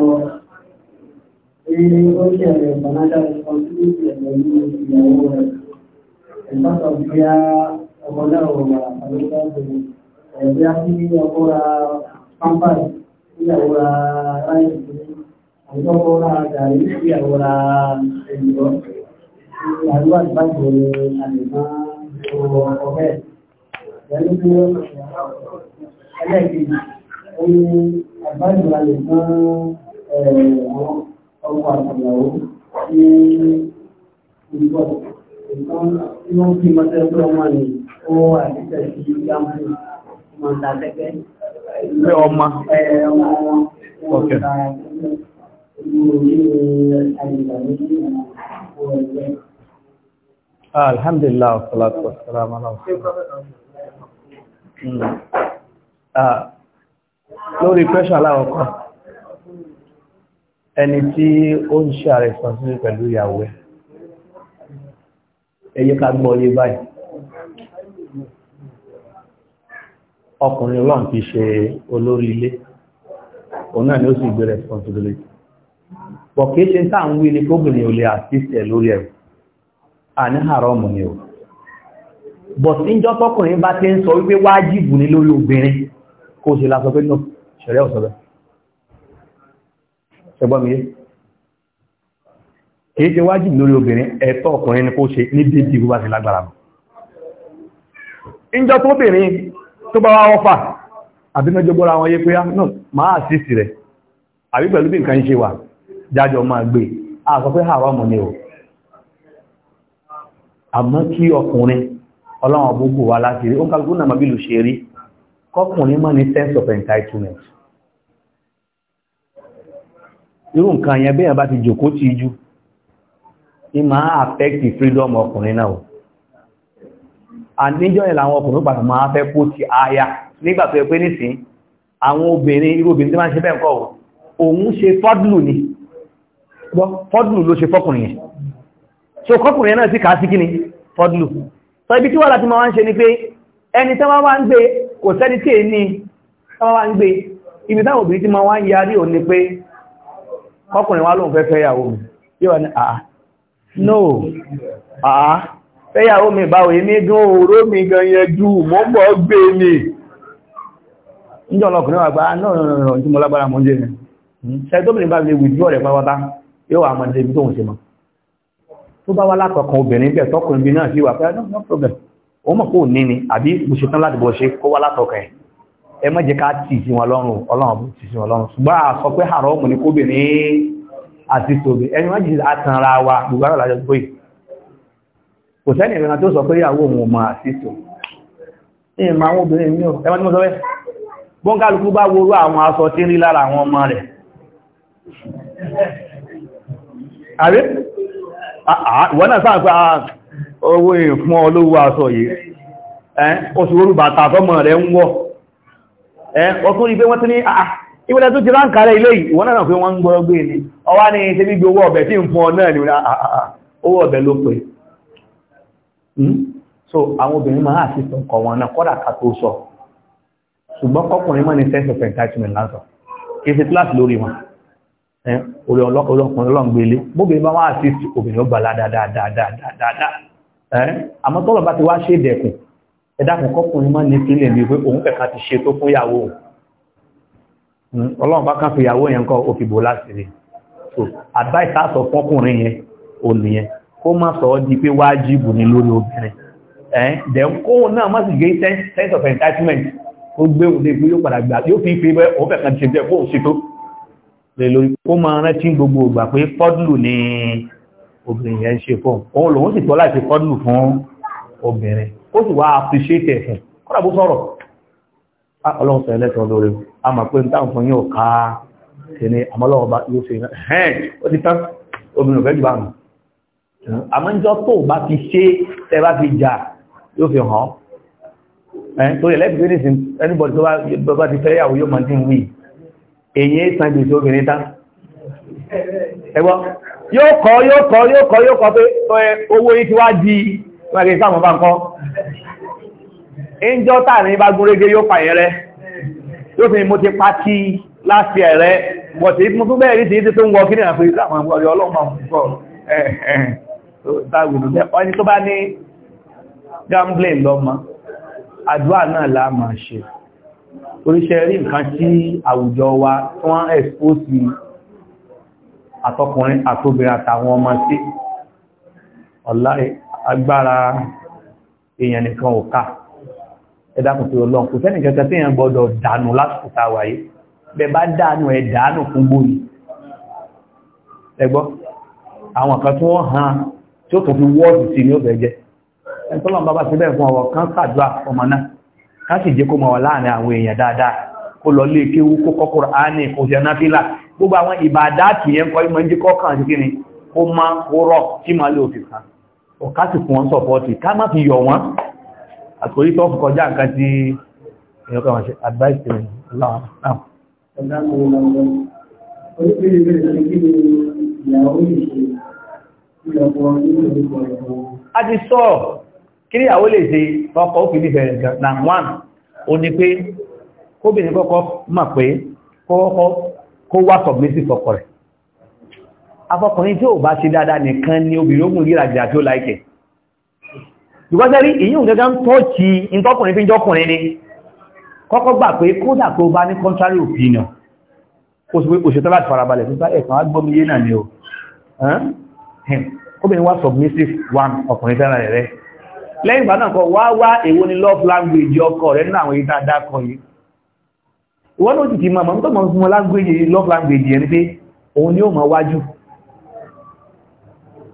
Ní ó ṣẹ̀rẹ̀ financial responsibility pẹ̀lú ìyàwó rẹ̀. Ìpátọ̀ bí a ọmọ náà wọ̀ wà àlọ́gbàgbò ẹ̀bí á sí ọkọ́ ra pampers ọkọ̀ àtàyàwó ní ìgbọ́ ìkan tí wọ́n fi mọ́tẹ́ pé ọmọ ni ó àtìkẹ́ sí yàmù ọmọ ìdàtẹ́kẹ́ pé ọmọ ọmọ wọn ọ̀kẹ́ Alhamdulillah, salatu wassalamu ala hmm. ah, Lórí pressure aláwọ̀kọ́ ẹni tí ó ń ṣe responsibility pẹ̀lú ìyàwó ẹ̀ èyí ká gbọ́ yé báyìí ọkùnrin ọlọ́run ti ṣe olórí ilé òun náà ni ó sì gbé responsibility pọ̀ kìí ṣe tá à ń wí ni kóbìnrin ò lè assist ẹ̀ lórí ẹ̀rù àní haram ni o bọ̀ sí ń jọ́ bá ti ń sọ wípé wájìbù ní lórí obìnrin kó ṣe lásọ pé náà ṣẹ̀rẹ́ ọ̀sọ̀bẹ̀ ṣẹgbọ́n mi yé kìí ṣe wájìbì lórí obìnrin ẹ̀tọ́ ọkùnrin ni kó ṣe ní dédé ìwúwá sí lágbára mọ́ ìjọ tó bìnrin tó bá wá ọfà àbí mẹ́jọ gbọ́ra wọn yé pé náà máa àṣìṣì rẹ̀ àbí pẹ̀lú bí nǹkan ṣe wà jájọ máa gbé àkọ́ pé àwọn ọmọ ni ò àmọ́ kí ọkùnrin ọlọ́run gbogbo wa láti rí ó ń kálukú náà máa bí lù ṣe rí irú nǹkan yẹn bẹ́yàn bá ti jòkó tí jú ní máa affect the freedom ọkùnrin náà àníjọ́ ìlà àwọn ọkùnrin pàtàkì máa fẹ́ kó ti aya nígbà tó yẹ pé nísìn àwọn obìnrin irú obìnrin tí máa ń ṣe bẹ́ẹ̀ kọ́ òun ṣe fọ́dùlù ni fọ́dùlù ló ṣe fọ́kùnrin yẹn so kọ́kùnrin náà sì kà á sí so ibi tí wà láti ni pé ẹni tí wọ́n wá ń gbé kò sẹ́ni ibi táwọn obìnrin ti máa wá ń ni pé kọkùnrin wá lóun fẹ́ fẹ́yàwó mi yíwa ní àà no àà fẹ́yàwó mi báwo ní gún oró mi gan yẹjú mọ́ mọ́ gbé mi níjọ́ ọlọ́kùnrin wà gbá ah, náà tí mo lágbára mọ́ jẹ́ mi ṣẹ́gbọ́n bá lè wìdí ọ̀rẹ́ pápátá yóò wà mọ́dé ibi tóun ṣe mọ́ tó bá wá látọkàn obìnrin bẹ̀ tọkùnrin bí náà sí wà pé ah, no problem òun mọ̀ kó ní ni àbí mo ṣetán láti bọ̀ ṣe ẹ má jẹ́ ká tì sí wọn lọ́rùn ọlọ́run bó tì sí wọn lọ́rùn ṣùgbọ́n a sọ pé àrọ́ mọ̀ ní kóbìnrin àti tòbí ẹni wọ́n jì àtànra wa gbogbo àrọ̀ lájọ gbé kò sẹ́ni ìrìnà tó sọ pé ìyàwó òun mọ̀ àti tò ìmọ̀ àwọn obìnrin mi ò ẹ wọ́n tí mo sọ bẹ́ẹ̀ bọ́ńkálukú bá worú àwọn aṣọ tí ń rí lára àwọn ọmọ rẹ̀ àrí ìwọ́n náà sáà pé ah, owó ìfún olówó aṣọ yìí oṣù orúbàtà fọ́mọ rẹ̀ ń wọ́ Eh, wọ́n tún rí pé wọ́n tún ní àà ìwọ̀lẹ̀ tó ti ránkà ilé ìwọ̀n náà pé wọ́n ń gbọ́rọ̀ gbé ní ọwá ní ṣe bí owó ọ̀bẹ̀ tí ń fún ọ náà ni ah, ah, ah, owó ọ̀bẹ̀ ló pè hmm? so àwọn obìnrin máa àti sọ wọn náà tó sọ ṣùgbọ́n kọkùnrin mọ́ sense of entitlement lásọ ṣe lórí wọn eh, ọlọ́ngbélé bóbìnrin obìnrin ẹ̀dàkùn kọkùnrin má ní sílẹ̀ bí pé òun kẹ̀kà ti ṣe tó fún ìyàwó hmm, ọlọ́run bá kàn fi ìyàwó yẹn kọ́ ó fi bò láti rí so advice sọ fọ́kùnrin yẹn ò nìyẹn kó má sọ ọ́ di pé wájìbù ni lórí obìnrin ẹ̀ then kóhun náà má sì gé sense of entitlement ó gbé òde pé yóò padà gbà yóò fi pé òun kẹ̀kà ti ṣe bẹ́ẹ̀ fóun ṣe tó lè lórí kó máa rántí gbogbo ìgbà pé fọ́dùlù ni obìnrin yẹn ń ṣe fóun òun lòun sì tọ́ láti fọ́dùlù fún obìnrin ó sì wá appreciate ẹ̀fún kọ́nà bó sọ̀rọ̀ ah, ọlọ́run lórí a mà pé nítà fún yóò ká tẹni àmọ́lọ́ọ̀bá yóò ṣe ẹ̀hẹ́n ó ti tán obìnrin òfẹ́ jù bá nù àmọ́jọ́ tó bá ti ṣe tẹ́ bá fi jà yóò fi hàn ẹ́ torí ẹlẹ́bìí nìsín anybody tó bá ti fẹ́yàwó yóò máa dín wí èyí san gbèsè obìnrin tán ẹgbọ́ yóò kọ́ yóò kọ́ yóò kọ́ yóò kọ́ pé owó yìí ti wá di wọ́n kí sáàmù bá ń kọ́ ẹjọ́ tààrí bá gúnrégé yóò pààyẹ rẹ yóò fi mo ti pa kí láti ẹ̀rẹ́ wọ̀tí mú tún bẹ́ẹ̀ rí ti títí tó ń wọ kí nìyàn pé láwọn ọmọ ọlọ́mọ púpọ̀ ẹ̀ẹ̀ẹ̀ ọ̀ní tó bá ní gambling lọ́mọ àdúrà náà láàmà ṣe oríṣẹ́ rí nǹkan tí àwùjọ wa wọ́n expose agbára èèyàn nìkan ò ká ẹ̀dàkùn tí ó lọ kò sẹ́nì kẹta tí èèyàn gbọ́dọ̀ dànù lásìkò tá a wà yìí bẹ bá dànù ẹ̀ dànù fún gbóyìn ẹgbọ́ àwọn kan tí wọ́n hàn tí ó tó fi wọ́ọ̀dù sí ní ó fẹ́ jẹ́ ẹ̀tọ́lọ́n bá bá ti bẹ́ẹ̀ fún ọwọ́ kan sàdúrà gbogbo àwọn ìbàdá kìí ẹ̀kọ́ ìmọ̀ ń jẹ́ kọ́kàn kí ni kó má kó rọ̀ kí má lè òfin kan ọ̀ká sì fún wọn sọ̀pọ̀tì ká má fi yọ wọn àkòrí tó kọjá nǹkan tí ṣe advice rẹ̀ láwọn a ti sọ kí ìyàwó lè ṣe ọkọ òfin nífẹ̀ẹ́ na one ó ní pé kóbìnrin kọ́kọ́ mọ̀ pé kọ́kọ́ kó wá submissive afọkùnrin tí ó bá ṣe dáadáa nìkan ni obìnrin ogun ríra jìdà tí ó láìkẹ̀. ìwọ́sẹ́rí èyíùn gẹ́gẹ́ ń tọ́ọ̀kì ìtọ́kùnrin fi jọ́kùnrin ni kọ́kọ́ gbà pé kódà tó bá ní contrary opinion òṣètọ́ láti farabalẹ̀ nípa ẹ̀kan agbómiyé submissive one ọkùnrin fẹ́ràn rẹ̀ lẹ́yìn ìgbà náà kọ wá wá èwo ni love language ọkọ rẹ̀ nínú àwọn ìta dákọ yìí ìwọ́n ló òun ni ó mọ̀ wájú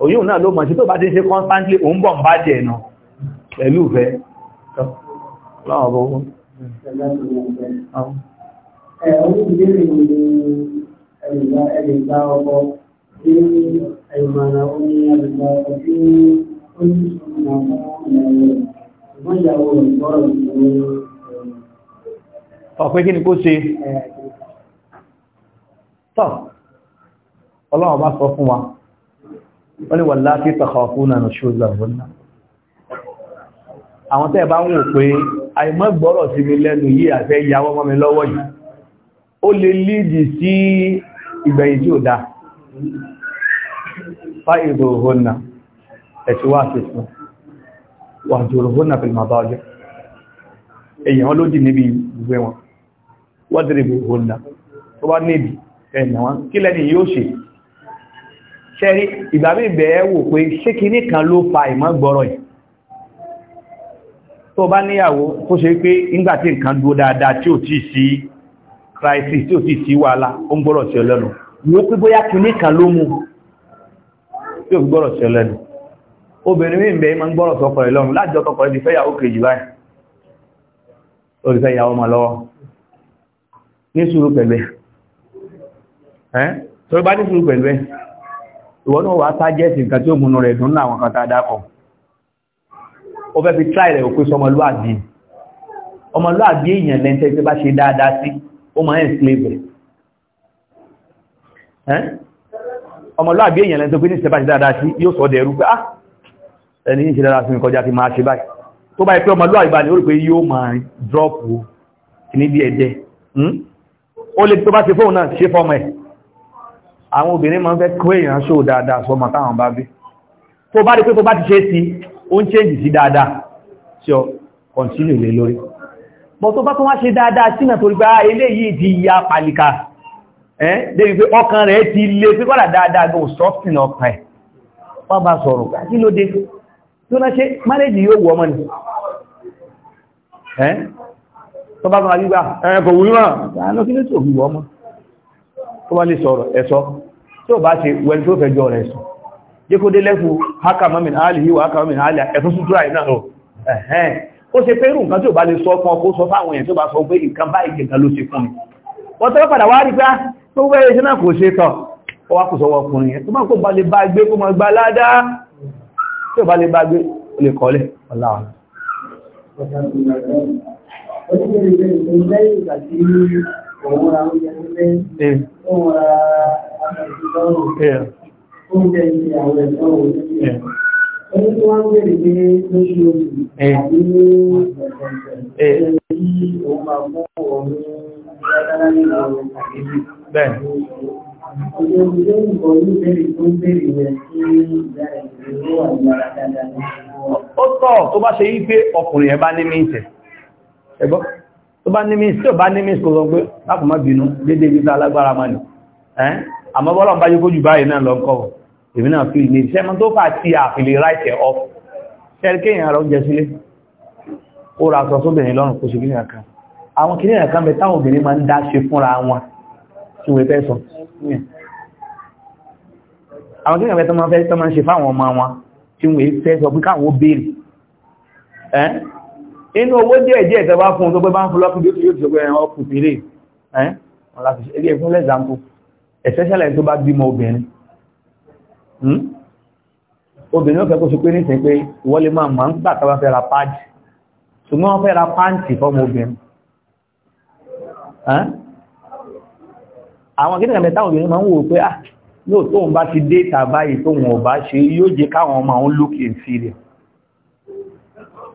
òyìn náà ló mọ̀ sí tó bá ti ṣe constantly òun bọ̀ ń bá jẹ ẹ̀nà pẹ̀lú ìfẹ́ láwọn ọgbọ̀gbọ́ ọ̀pẹ́ kí ni kó ṣe tọ́ ọlọ́run bá sọ fún wa wọ́n ni wallati takhafuna nushuzahunna àwọn tẹ́ bá ń wò pé àìmọ́ gbọ́rọ̀ sí mi lẹ́nu yìí àfẹ́ ìyàwó mọ́ mi lọ́wọ́ yìí ó lè lídì sí ìgbẹ̀yìn tí ó dá fa'idhuhunna ẹ̀ṣíwá àṣìṣún wahjuruhunna fil madaji èyàn ló dì níbi ìgbé ṣẹ́rí ìgbà mí bẹ̀ẹ́ wò pé ṣé kinní kan ló fa ìmọ̀gbọ́rọ̀ yìí tó bá níyàwó tó ṣe pé nígbàtí nǹkan dúró dáadáa tí ò tí sí crisis tí ò tí sí wàhálà ó ń gbọ́rọ̀ sí ọlẹ́nu wo pé bóyá kinní kan ló mú tí ò fi gbọ́rọ̀ sí ọlẹ́nu obìnrin mí bẹ̀ẹ́ máa ń gbọ́rọ̀ sọkọ rẹ̀ lọ́rùn lájọ tọkọ rẹ̀ ti fẹ́ yàwó kejì báyìí ó ti fẹ́ yàwó mọ́ lọ́wọ́ ní ìwọ náà wà tájẹ́sì nǹkan tí ó múnú rẹ̀ dùn náà wọn kan tàà dákọ̀ ó fẹ́ fi tráì rẹ̀ òkú sọ ọmọlúàbí ọmọlúàbí èèyàn lẹ́ntẹ́ tí bá ṣe dáadáa sí ó máa ń slave ọmọlúàbí èèyàn lẹ́ntẹ́ pé ní ìṣẹ́ bá ṣe dáadáa sí yóò sọ dẹ̀rú pé ah ẹni yìí ṣe dáadáa sí kọjá ti máa ṣe báyìí tó bá yẹ pé ọmọlúàbí bá ní ó àwọn obìnrin máa ń fẹ́ kó èèyàn ṣó dáadáa sọmọ táwọn bá bí tó bá rí pé tó bá ti ṣe sí ó ń change sí dáadáa tí ó continue lè lórí bọ́ tó bá tó wá ṣe dáadáa sínà torí pé ah, eléyìí ti ya pàlìkà ẹ́ débi pé ọkàn rẹ̀ ti lé pé kọ́lá dáadáa gan sọ́fìn ọkàn ẹ̀ wọ́n bá sọ̀rọ̀ ah, kí ló dé tó náà ṣe mánéjì yóò wọ ọmọ ni ẹ́ tó bá kan àgbígbà ẹ̀ kò wúlò ah, náà kí ló tó wù ọmọ tó bá lè sọ̀rọ̀ ẹ̀ sọ tí ó bá ṣe wẹn tí ó fẹ́ jọ rẹ̀ sùn jẹ́ kó dé lẹ́fù hakamomin alihi wa hakamomin alihi ẹ̀fún sútúrà iná rọ̀ ẹ̀hẹ́n ó ṣe pé irú nǹkan tí ó bá lè sọ fún ọkọ́ sọ fáwọn èèyàn tí ó bá sọ pé nǹkan bá ìgbẹ̀gà ló ṣe fún mi wọ́n tẹ́lẹ̀ padà wá rí pé ah, tó wẹ́rẹ́ iṣẹ́ náà kò ṣe Yeah. Yeah. Ẹni tó wá ń bèèrè pé lóṣù oṣù àti ní ẹ̀rẹ́ tí òun máa mú ọ̀rọ̀ dáadáa ní ọ̀rọ̀ àkébí. Bẹ́ẹ̀. Ọjọ́ ìjọ́ ìbọ̀ ní bèèrè tó ń bèèrè rẹ̀ sí ìgbà ìrìn ló wà ní ara dáadáa ní ọ̀rọ̀. Ó tọ́ tó bá ṣe yí pé ọkùnrin ẹ̀ bá ní mìíntẹ̀. Ẹgbọ́n tó bá ní mìíntẹ̀ tó bá ní mìíntẹ̀ kò sọ pé lákùnmọ́ bínú dédé ibi tá alágbára máa nì àmọ́ bọ́lọ̀ bá yókó jù báyìí náà lọ kọ́ èmi náà fi ilé iṣẹ́ mọ́ tó fà tí àfilè ráìtẹ̀ ọf ṣẹ́ríkẹ́yìn rẹ̀ oúnjẹ sílé ó ra sọ sóbìnrin lọ́rùn kó ṣe kí nìyàn kan àwọn kí nìyàn kan bẹ táwọn obìnrin máa ń dá ṣe fúnra wọn tí wọ́n fẹ́ sọ àwọn kí nìyàn bẹ tó máa fẹ́ tó máa ń ṣe fáwọn ọmọ wọn tí wọ́n fẹ́ sọ pé káwọn ó béèrè ẹ́ inú owó díẹ̀ díẹ̀ tẹ́ fún un pé bá ń fún lọ́kùnrin yóò fi yóò fi sọ pé ọkùnrin ẹ́ wọ́n láti ṣe ẹgbẹ́ fún lẹ́zàmpù especially tó bá bímọ obìnrin hmm? obìnrin ó fẹ́ kó sọ pé nísìn pé wọ́n lè máa máa ń gbà tàbá fẹ́ ra páàdì ṣùgbọ́n wọ́n fẹ́ ra páǹtì fọ́mọ obìnrin àwọn akẹ́kẹ̀ẹ́ mẹ́ta obìnrin máa ń wò pé ah yóò tóun bá ti dé tàbá yìí tóun ò bá ṣe yóò jẹ káwọn ọmọ àwọn look inferior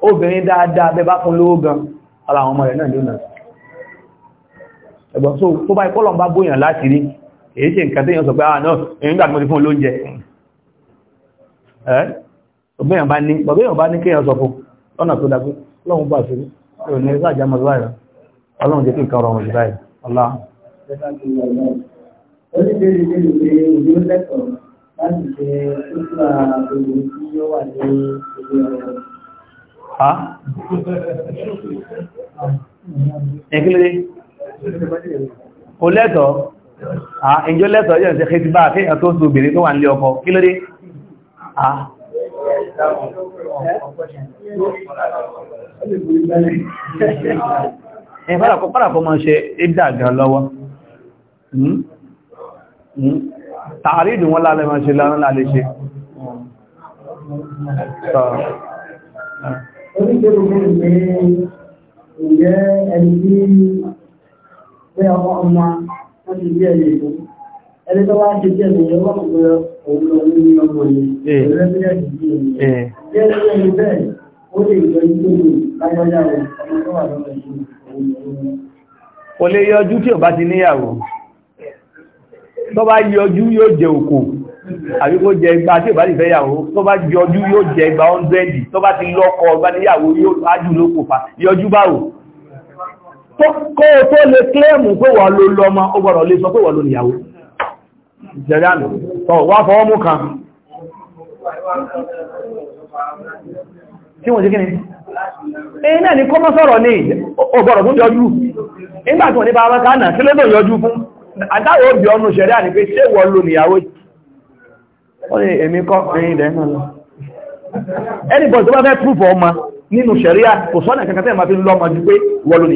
obìnrin dáadáa bẹ bá fún lówó gan ara àwọn ọmọ rẹ̀ náà lónà ẹgbọ́n tó bá ikọ́lọ̀ bá bóyàn láti rí èyí ṣe nǹkan tẹ́yàn sọ pé àà ah, náà ìrìngbà tí mo ti fún olóúnjẹ ẹ́ ọgbẹ́yàn bá ní ọgbẹ́yàn bá ní kéyàn sọ fún ọ̀nà tó dágbé ọlọ́run bá sílé ẹ̀rọ ní ẹ̀sà àjámọ̀ báyìí kí nǹkan rọrùn Ẹ̀kílẹ̀ kò ìjọ ah, lẹ́tọ̀ yóò ṣe kí ti bá àfihàn tó ń so obìnrin tó wà nílé ọkọ kí ló dé ah. ẹ̀fẹ́lẹ̀kọ́ pàdàkọ́ máa ṣe ìdàgà lọ́wọ́ hmm? hmm? tààrí ìdùn wọn lálẹ́ máa ṣe lọ́rún lálẹ́ ṣe Onígbèrè wọ́n ti gbé ẹ̀yẹ̀ ìbò ẹni tó wá ṣe díẹ̀ nìyẹn wọ́n pè òun lọ ní ọmọ yìí rẹ́bílẹ̀dì yìí nìyẹn bí ẹni tó ẹni bẹ́ẹ̀ ó lè yọ ìgbó mi lágbájá rẹ̀ ọmọ tó wà lọ́wọ́ yìí kò lè yọjú tí ò bá ti níyàwó tó bá yọjú yóò jẹ òkò àbí kó jẹ igba tí ò bá ti fẹ́ yàwó tó bá yọjú yóò jẹ igba 100 tó bá ti lọ́kọ bá níyàwó yóò ájú lókò fà yọjú báwò kó o tó lè kílẹ̀mù pé wà ló lọ ọmọ ó gbọ́dọ̀ lè sọ pé wà ló níyàwó jẹ́rìánù tọ́ wá fọwọ́ mú kan tí wọ́n jẹ́ kí ni èyí náà ni kó mọ́ sọ̀rọ̀ ní ọgbọ̀rọ̀ fún yọjú bàbá kánà kí lóòdó yọjú fún àtàwò òbí ọnù ṣẹ̀rẹ́ àní pé ṣé wọ́n lò níyàwó wọ́n ni èmi kọ́ ẹ̀yìn ilẹ̀ náà lọ ẹnìbọ̀ tó bá fẹ́ prúfọ̀ ọmọ nínú ṣẹ̀ríà kò sọ́nà kankan tẹ́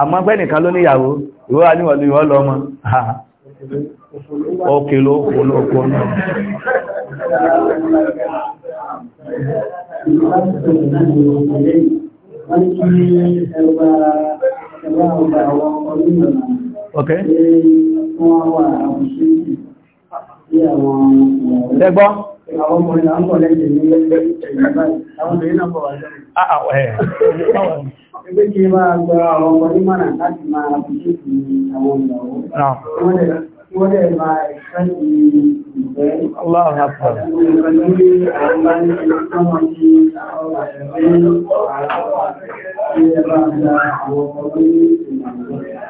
àmọ́ pẹ́ nìkan ló níyàwó ìwọ́ aníwọ̀lú ìwọ́ lọ ọmọ òkè ló fòlò òkú náà ok ẹgbọ́n Àwọn ọmọ ah, ah, ní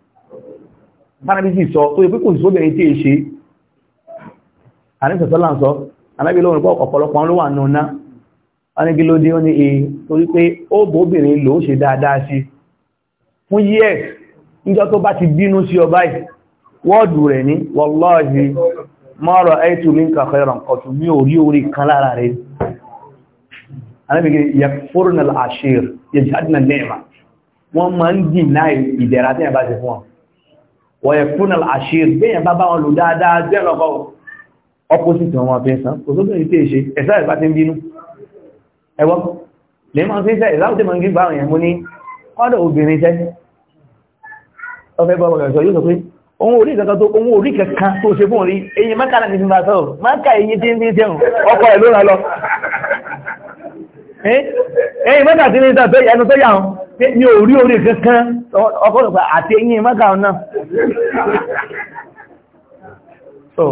bánàbíjì sọ tó ipé kò sí sóbẹ̀ ètí èṣe àrísọ̀tọ́lá ń sọ anábí lóòrùn pọ̀ ọ̀pọ̀lọpọ̀ ló wà nù ná ọ́nìkí ló dé ó ní èé torí pé ó bóbìnrin ló ṣe dáadáa sí fún yíẹ̀ níjọ́ tó bá ti bínú sí ọba yìí wọ́ọ̀dù rẹ̀ ní wallahi mọ́rọ̀ ẹ̀tù mi ń kàkọ́ ò rí orí kan lára rẹ̀ ashir wọ́n máa ń dì náà ìdẹ̀ra tí bá ti fún wọn wọ̀yẹ̀kún àṣír bẹ́yàn bá bá wọn lò dáadáa jẹ́ lọ́kọ́ opposite wọn fi ẹ̀sán kò tó bẹ̀rẹ̀ tí è ṣe ẹ̀sá ìbá ti ń bínú ẹwọ́ lè máa fi ń sẹ́ ìláwọ́tí mọ̀ ń gbígbà àwọn èèyàn mú ní ọ̀dọ̀ obìnrin sẹ́ ọfẹ́ bọ́ ọ̀rọ̀ yóò sọ pé mi ò rí orí kankan ọkọ̀lọpàá àti eyín mọ́gà náà so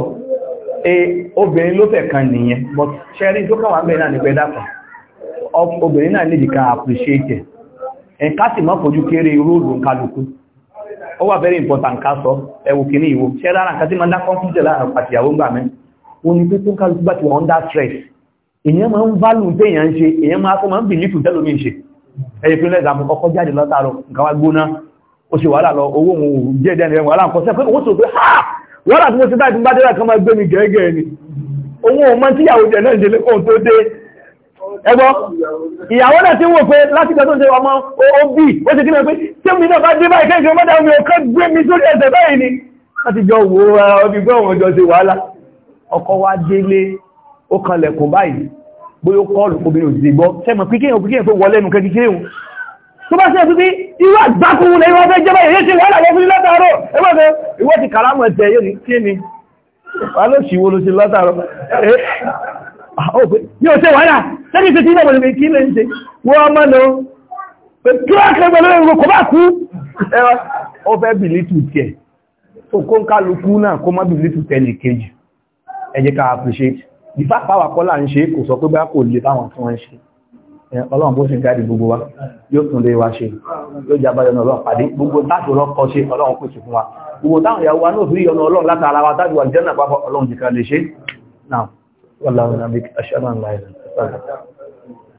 e obìnrin ló kan nìyẹn but sharing tó kàn wà náà ní pẹ́ dákan obìnrin náà nídìí ká appreciate ẹ̀ ká sì má fojú kéré róòlù kálukú ó wà very important ká sọ ẹwù kìíní ìwò ṣẹ́ rárá nǹkan tí máa ń dá under stress ẹ̀yẹ pé lẹ́gbàá mú ọkọ̀ jáde lọ́tàrọ nǹkan wá gbóná ó ṣe wàhálà lọ owó òun jẹ́ ìdẹ́ni rẹ̀ wàhálà nǹkan sẹ́fẹ́ owó sọ pé ha wàhálà tí mo ti báyìí bá dẹ́rẹ́ kan máa gbé mi gẹ́gẹ́ ni owó ọmọ tí ìyàwó jẹ náà ìdílé kóhun tó dé ẹgbọ́ ìyàwó náà ti wò pé láti ìgbà tó ń ṣe ọmọ ó bí ó ti kílẹ̀ pé tí mi náà bá dé báyìí kẹ́kẹ́ mọ́ta omi ò kán gbé mi sórí ẹsẹ̀ báyìí ni láti jọ wo ọbí gbọ́ òun jọ ṣe wàhálà ọkọ wa délé ó kanlẹ̀kùn báyìí bóyó kọlù obìnrin òjìdè gbọ́ tẹ́mọ̀ píkẹ́yàn píkẹ́yàn tó wọlé ẹnu kẹ́kẹ́kẹ́ ohun tó bá ṣe pípí irú àgbákùnrin lẹ́yìn wọ́n fẹ́ jẹ́bẹ̀ èyí ṣe wọ́n làwọ́ fún látàárọ̀ ẹgbẹ́ ìwọ́ ti kàlámù ẹ̀tẹ̀ yóò ní kí ni wà ló ṣìwò ló ṣe látàárọ̀ yóò ṣe wàhálà sẹ́kì ṣe tí ìbọn lè kí lè ń ṣe wọ́n mọ́ lọ kí wọ́n kẹ́ pẹ̀lú ẹ̀rọ kò bá kú ọ fẹ́ bìlítù tiẹ̀ tó kó ń kálukú náà kó má bìlítù tẹ́lẹ̀ kejì ẹ jẹ́ ká appreciate ìfàpáwà kọ́lá ń ṣe kò sọ pé bá kò lè báwọn tí wọ́n ń ṣe ọlọ́run bó ṣe ń gáàdì gbogbo wa yóò tún lè wa ṣe yóò jábáyọ̀ náà ọlọ́run pàdé gbogbo táàtò lọ́kọ́ ṣe ọlọ́run kò sí fún wa gbogbo táwọn ìyàwó wa náà fi yọ̀nà ọlọ́run